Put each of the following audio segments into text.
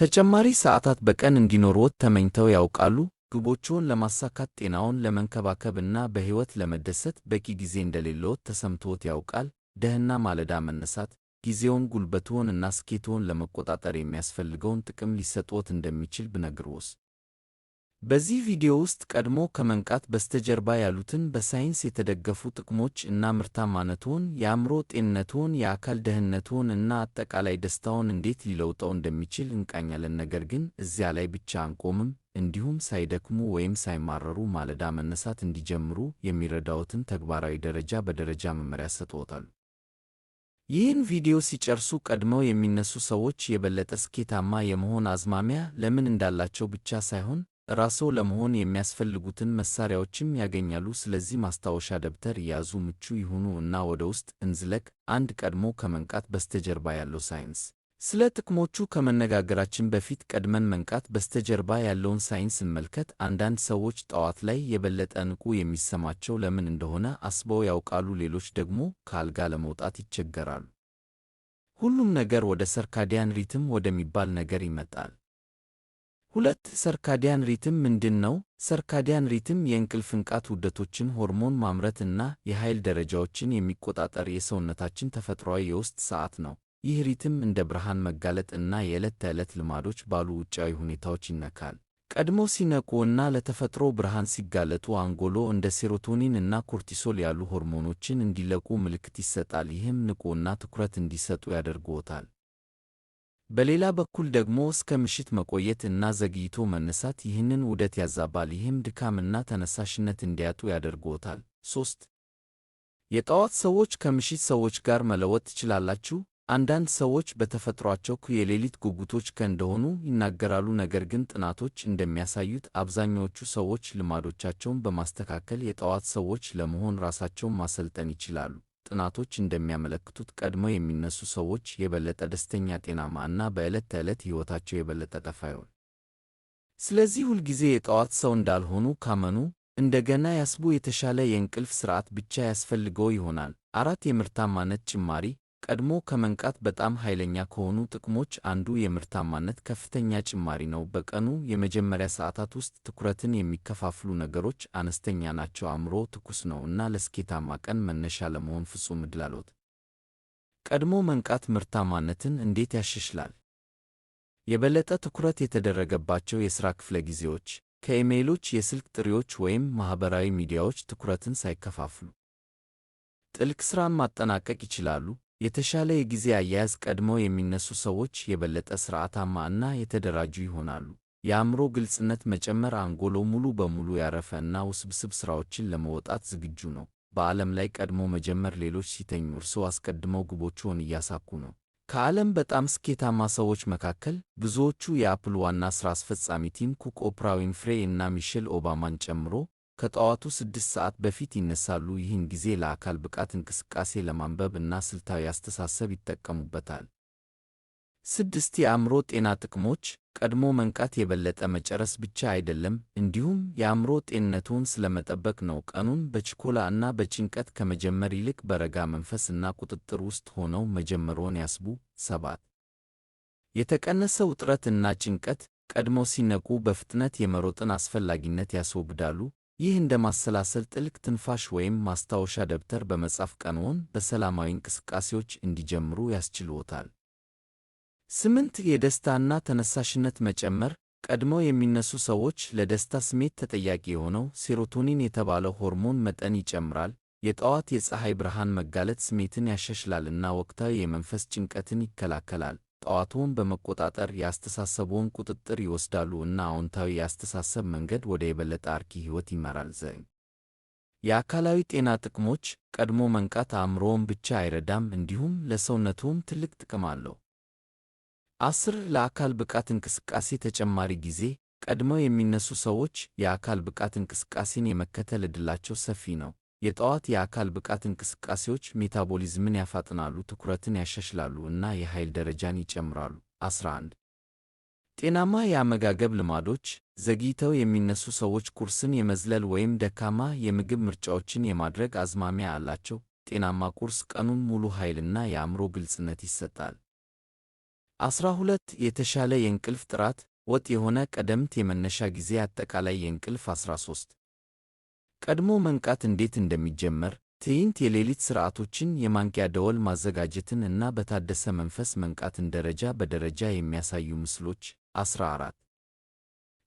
ተጨማሪ ሰዓታት በቀን እንዲኖርዎት ተመኝተው ያውቃሉ? ግቦችዎን ለማሳካት ጤናውን ለመንከባከብ እና በሕይወት ለመደሰት በቂ ጊዜ እንደሌለዎት ተሰምቶዎት ያውቃል? ደህና ማለዳ መነሳት ጊዜውን ጉልበትዎን እና ስኬትዎን ለመቆጣጠር የሚያስፈልገውን ጥቅም ሊሰጥዎት እንደሚችል ብነግርዎስ? በዚህ ቪዲዮ ውስጥ ቀድሞ ከመንቃት በስተጀርባ ያሉትን በሳይንስ የተደገፉ ጥቅሞች እና ምርታማነትዎን፣ የአእምሮ ጤንነትዎን፣ የአካል ደህንነትዎን እና አጠቃላይ ደስታውን እንዴት ሊለውጠው እንደሚችል እንቃኛለን። ነገር ግን እዚያ ላይ ብቻ አንቆምም። እንዲሁም ሳይደክሙ ወይም ሳይማረሩ ማለዳ መነሳት እንዲጀምሩ የሚረዳዎትን ተግባራዊ ደረጃ በደረጃ መመሪያ ሰጥዎታል። ይህን ቪዲዮ ሲጨርሱ ቀድመው የሚነሱ ሰዎች የበለጠ ስኬታማ የመሆን አዝማሚያ ለምን እንዳላቸው ብቻ ሳይሆን ራስዎ ለመሆን የሚያስፈልጉትን መሳሪያዎችም ያገኛሉ። ስለዚህ ማስታወሻ ደብተር ይያዙ፣ ምቹ ይሁኑ እና ወደ ውስጥ እንዝለቅ። አንድ ቀድሞ ከመንቃት በስተጀርባ ያለው ሳይንስ ስለ ጥቅሞቹ ከመነጋገራችን በፊት ቀድመን መንቃት በስተጀርባ ያለውን ሳይንስ እንመልከት። አንዳንድ ሰዎች ጠዋት ላይ የበለጠ ንቁ የሚሰማቸው ለምን እንደሆነ አስበው ያውቃሉ። ሌሎች ደግሞ ከአልጋ ለመውጣት ይቸገራሉ። ሁሉም ነገር ወደ ሰርካዲያን ሪትም ወደሚባል ነገር ይመጣል። ሁለት ሰርካዲያን ሪትም ምንድን ነው? ሰርካዲያን ሪትም የእንቅልፍ ንቃት ውደቶችን፣ ሆርሞን ማምረት እና የኃይል ደረጃዎችን የሚቆጣጠር የሰውነታችን ተፈጥሯዊ የውስጥ ሰዓት ነው። ይህ ሪትም እንደ ብርሃን መጋለጥ እና የዕለት ተዕለት ልማዶች ባሉ ውጫዊ ሁኔታዎች ይነካል። ቀድሞ ሲነቁ እና ለተፈጥሮ ብርሃን ሲጋለጡ አንጎሎ እንደ ሴሮቶኒን እና ኮርቲሶል ያሉ ሆርሞኖችን እንዲለቁ ምልክት ይሰጣል። ይህም ንቁና ትኩረት እንዲሰጡ ያደርግዎታል። በሌላ በኩል ደግሞ እስከ ምሽት መቆየት እና ዘግይቶ መነሳት ይህንን ውደት ያዛባል። ይህም ድካምና ተነሳሽነት እንዲያጡ ያደርግዎታል። ሶስት የጠዋት ሰዎች ከምሽት ሰዎች ጋር መለወጥ ትችላላችሁ። አንዳንድ ሰዎች በተፈጥሯቸው የሌሊት ጉጉቶች ከእንደሆኑ ይናገራሉ። ነገር ግን ጥናቶች እንደሚያሳዩት አብዛኛዎቹ ሰዎች ልማዶቻቸውን በማስተካከል የጠዋት ሰዎች ለመሆን ራሳቸውን ማሰልጠን ይችላሉ። ጥናቶች እንደሚያመለክቱት ቀድመው የሚነሱ ሰዎች የበለጠ ደስተኛ፣ ጤናማ እና በዕለት ተዕለት ሕይወታቸው የበለጠ ጠፋ ይሆን። ስለዚህ ሁልጊዜ የጠዋት ሰው እንዳልሆኑ ካመኑ እንደገና ያስቡ። የተሻለ የእንቅልፍ ሥርዓት ብቻ ያስፈልገው ይሆናል። አራት የምርታማነት ጭማሪ ቀድሞ ከመንቃት በጣም ኃይለኛ ከሆኑ ጥቅሞች አንዱ የምርታማነት ከፍተኛ ጭማሪ ነው። በቀኑ የመጀመሪያ ሰዓታት ውስጥ ትኩረትን የሚከፋፍሉ ነገሮች አነስተኛ ናቸው። አእምሮ ትኩስ ነው እና ለስኬታማ ቀን መነሻ ለመሆን ፍጹም ዕድል ቀድሞ መንቃት ምርታማነትን እንዴት ያሻሽላል? የበለጠ ትኩረት የተደረገባቸው የሥራ ክፍለ ጊዜዎች ከኢሜይሎች፣ የስልክ ጥሪዎች ወይም ማኅበራዊ ሚዲያዎች ትኩረትን ሳይከፋፍሉ ጥልቅ ሥራን ማጠናቀቅ ይችላሉ። የተሻለ የጊዜ አያያዝ ቀድመው የሚነሱ ሰዎች የበለጠ ሥርዓታማ እና የተደራጁ ይሆናሉ። የአእምሮ ግልጽነት መጨመር አንጎሎ ሙሉ በሙሉ ያረፈ እና ውስብስብ ሥራዎችን ለመወጣት ዝግጁ ነው። በዓለም ላይ ቀድሞ መጀመር ሌሎች ሲተኙ እርስዎ አስቀድመው ግቦችዎን እያሳኩ ነው። ከዓለም በጣም ስኬታማ ሰዎች መካከል ብዙዎቹ የአፕል ዋና ሥራ አስፈጻሚ ቲም ኩክ፣ ኦፕራ ዊንፍሬ እና ሚሼል ኦባማን ጨምሮ ከጠዋቱ ስድስት ሰዓት በፊት ይነሳሉ። ይህን ጊዜ ለአካል ብቃት እንቅስቃሴ፣ ለማንበብ እና ስልታዊ አስተሳሰብ ይጠቀሙበታል። ስድስት የአእምሮ ጤና ጥቅሞች ቀድሞ መንቃት የበለጠ መጨረስ ብቻ አይደለም፣ እንዲሁም የአእምሮ ጤንነትዎን ስለመጠበቅ ነው። ቀኑን በችኮላ እና በጭንቀት ከመጀመር ይልቅ በረጋ መንፈስ እና ቁጥጥር ውስጥ ሆነው መጀመርዎን ያስቡ። ሰባት የተቀነሰ ውጥረት እና ጭንቀት ቀድሞ ሲነቁ በፍጥነት የመሮጥን አስፈላጊነት ያስወግዳሉ። ይህ እንደ ማሰላሰል ጥልቅ ትንፋሽ ወይም ማስታወሻ ደብተር በመጻፍ ቀንዎን በሰላማዊ እንቅስቃሴዎች እንዲጀምሩ ያስችልዎታል። ስምንት የደስታና ተነሳሽነት መጨመር ቀድመው የሚነሱ ሰዎች ለደስታ ስሜት ተጠያቂ የሆነው ሴሮቶኒን የተባለው ሆርሞን መጠን ይጨምራል። የጠዋት የፀሐይ ብርሃን መጋለጥ ስሜትን ያሻሽላልና ወቅታዊ የመንፈስ ጭንቀትን ይከላከላል። ጠዋትዎን በመቆጣጠር የአስተሳሰብዎን ቁጥጥር ይወስዳሉ እና አዎንታዊ የአስተሳሰብ መንገድ ወደ የበለጠ አርኪ ሕይወት ይመራል። ዘ የአካላዊ ጤና ጥቅሞች ቀድሞ መንቃት አእምሮውን ብቻ አይረዳም፣ እንዲሁም ለሰውነቱም ትልቅ ጥቅም አለው። አስር ለአካል ብቃት እንቅስቃሴ ተጨማሪ ጊዜ ቀድመው የሚነሱ ሰዎች የአካል ብቃት እንቅስቃሴን የመከተል ዕድላቸው ሰፊ ነው። የጠዋት የአካል ብቃት እንቅስቃሴዎች ሜታቦሊዝምን ያፋጥናሉ፣ ትኩረትን ያሻሽላሉ እና የኃይል ደረጃን ይጨምራሉ። 11 ጤናማ የአመጋገብ ልማዶች ዘግይተው የሚነሱ ሰዎች ቁርስን የመዝለል ወይም ደካማ የምግብ ምርጫዎችን የማድረግ አዝማሚያ አላቸው። ጤናማ ቁርስ ቀኑን ሙሉ ኃይልና የአእምሮ ግልጽነት ይሰጣል። 12 የተሻለ የእንቅልፍ ጥራት ወጥ የሆነ ቀደምት የመነሻ ጊዜ አጠቃላይ የእንቅልፍ 13 ቀድሞ መንቃት እንዴት እንደሚጀመር ትዕይንት የሌሊት ሥርዓቶችን የማንቂያ ደወል ማዘጋጀትን እና በታደሰ መንፈስ መንቃትን ደረጃ በደረጃ የሚያሳዩ ምስሎች 14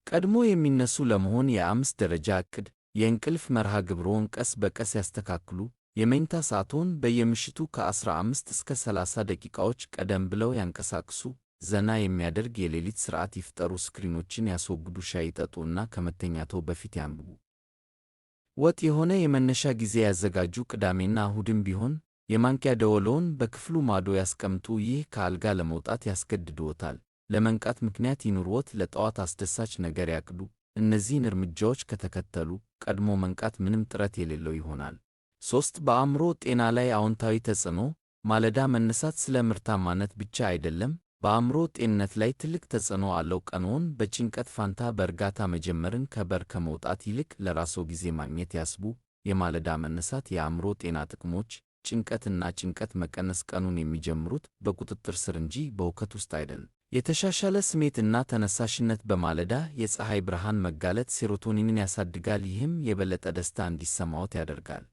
ቀድሞ የሚነሱ ለመሆን የአምስት ደረጃ ዕቅድ የእንቅልፍ መርሃ ግብሮን ቀስ በቀስ ያስተካክሉ የመኝታ ሰዓቶን በየምሽቱ ከ15 እስከ 30 ደቂቃዎች ቀደም ብለው ያንቀሳቅሱ ዘና የሚያደርግ የሌሊት ሥርዓት ይፍጠሩ ስክሪኖችን ያስወግዱ ሻይ ይጠጡ እና ከመተኛተው በፊት ያንብቡ ወጥ የሆነ የመነሻ ጊዜ ያዘጋጁ። ቅዳሜና እሁድም ቢሆን የማንኪያ ደወሎውን በክፍሉ ማዶ ያስቀምጡ። ይህ ከአልጋ ለመውጣት ያስገድድዎታል። ለመንቃት ምክንያት ይኑርዎት። ለጠዋት አስደሳች ነገር ያቅዱ። እነዚህን እርምጃዎች ከተከተሉ ቀድሞ መንቃት ምንም ጥረት የሌለው ይሆናል። ሦስት በአእምሮ ጤና ላይ አዎንታዊ ተጽዕኖ ማለዳ መነሳት ስለ ምርታማነት ብቻ አይደለም በአእምሮ ጤንነት ላይ ትልቅ ተጽዕኖ አለው። ቀንዎን በጭንቀት ፋንታ በእርጋታ መጀመርን ከበር ከመውጣት ይልቅ ለራስዎ ጊዜ ማግኘት ያስቡ። የማለዳ መነሳት የአእምሮ ጤና ጥቅሞች ጭንቀትና ጭንቀት መቀነስ ቀኑን የሚጀምሩት በቁጥጥር ስር እንጂ በውከት ውስጥ አይደለም። የተሻሻለ ስሜትና ተነሳሽነት በማለዳ የፀሐይ ብርሃን መጋለጥ ሴሮቶኒንን ያሳድጋል። ይህም የበለጠ ደስታ እንዲሰማዎት ያደርጋል።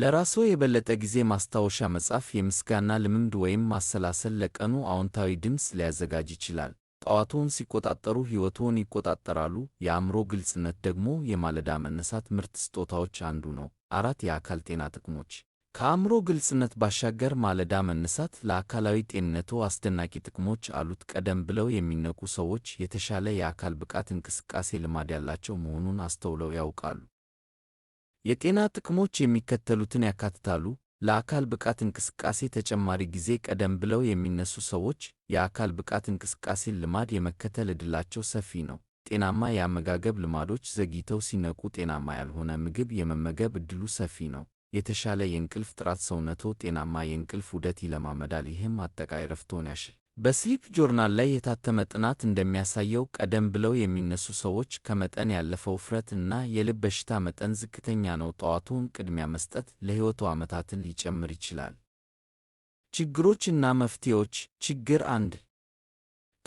ለራስዎ የበለጠ ጊዜ ማስታወሻ መጻፍ፣ የምስጋና ልምምድ ወይም ማሰላሰል ለቀኑ አዎንታዊ ድምፅ ሊያዘጋጅ ይችላል። ጠዋቶን ሲቆጣጠሩ ሕይወትዎን ይቆጣጠራሉ። የአእምሮ ግልጽነት ደግሞ የማለዳ መነሳት ምርት ስጦታዎች አንዱ ነው። አራት የአካል ጤና ጥቅሞች። ከአእምሮ ግልጽነት ባሻገር ማለዳ መነሳት ለአካላዊ ጤንነቶ አስደናቂ ጥቅሞች አሉት። ቀደም ብለው የሚነቁ ሰዎች የተሻለ የአካል ብቃት እንቅስቃሴ ልማድ ያላቸው መሆኑን አስተውለው ያውቃሉ። የጤና ጥቅሞች የሚከተሉትን ያካትታሉ። ለአካል ብቃት እንቅስቃሴ ተጨማሪ ጊዜ። ቀደም ብለው የሚነሱ ሰዎች የአካል ብቃት እንቅስቃሴን ልማድ የመከተል ዕድላቸው ሰፊ ነው። ጤናማ የአመጋገብ ልማዶች ዘግይተው ሲነቁ ጤናማ ያልሆነ ምግብ የመመገብ ዕድሉ ሰፊ ነው። የተሻለ የእንቅልፍ ጥራት ሰውነቶ ጤናማ የእንቅልፍ ዑደት ይለማመዳል፣ ይህም አጠቃላይ ረፍቶን ያሻል። በስሊፕ ጆርናል ላይ የታተመ ጥናት እንደሚያሳየው ቀደም ብለው የሚነሱ ሰዎች ከመጠን ያለፈው ውፍረት እና የልብ በሽታ መጠን ዝቅተኛ ነው። ጠዋቱን ቅድሚያ መስጠት ለሕይወቱ ዓመታትን ሊጨምር ይችላል። ችግሮችና መፍትሄዎች። ችግር አንድ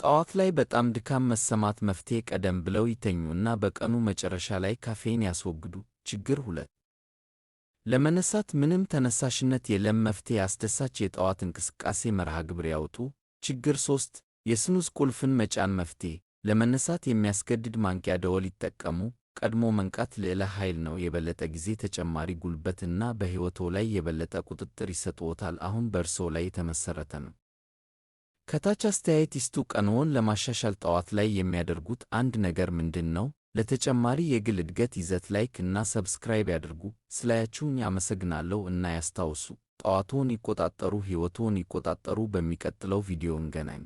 ጠዋት ላይ በጣም ድካም መሰማት። መፍትሄ ቀደም ብለው ይተኙ እና በቀኑ መጨረሻ ላይ ካፌን ያስወግዱ። ችግር ሁለት ለመነሳት ምንም ተነሳሽነት የለም። መፍትሄ አስደሳች የጠዋት እንቅስቃሴ መርሃ ግብር ያውጡ። ችግር 3 የስኑዝ ቁልፍን መጫን መፍትሄ ለመነሳት የሚያስገድድ ማንቂያ ደወል ይጠቀሙ። ቀድሞ መንቃት ልዕለ ኃይል ነው። የበለጠ ጊዜ፣ ተጨማሪ ጉልበት እና ላይ የበለጠ ቁጥጥር ይሰጥዎታል። አሁን በእርስዎ ላይ የተመሠረተ ነው። ከታች አስተያየት ይስጡ። ቀንዎን ለማሻሻል ጠዋት ላይ የሚያደርጉት አንድ ነገር ምንድን ነው? ለተጨማሪ የግል እድገት ይዘት ላይክ እና ሰብስክራይብ ያድርጉ። ስላያችሁኝ አመሰግናለሁ እና ያስታውሱ፣ ጠዋትዎን ይቆጣጠሩ፣ ሕይወትዎን ይቆጣጠሩ። በሚቀጥለው ቪዲዮ እንገናኝ።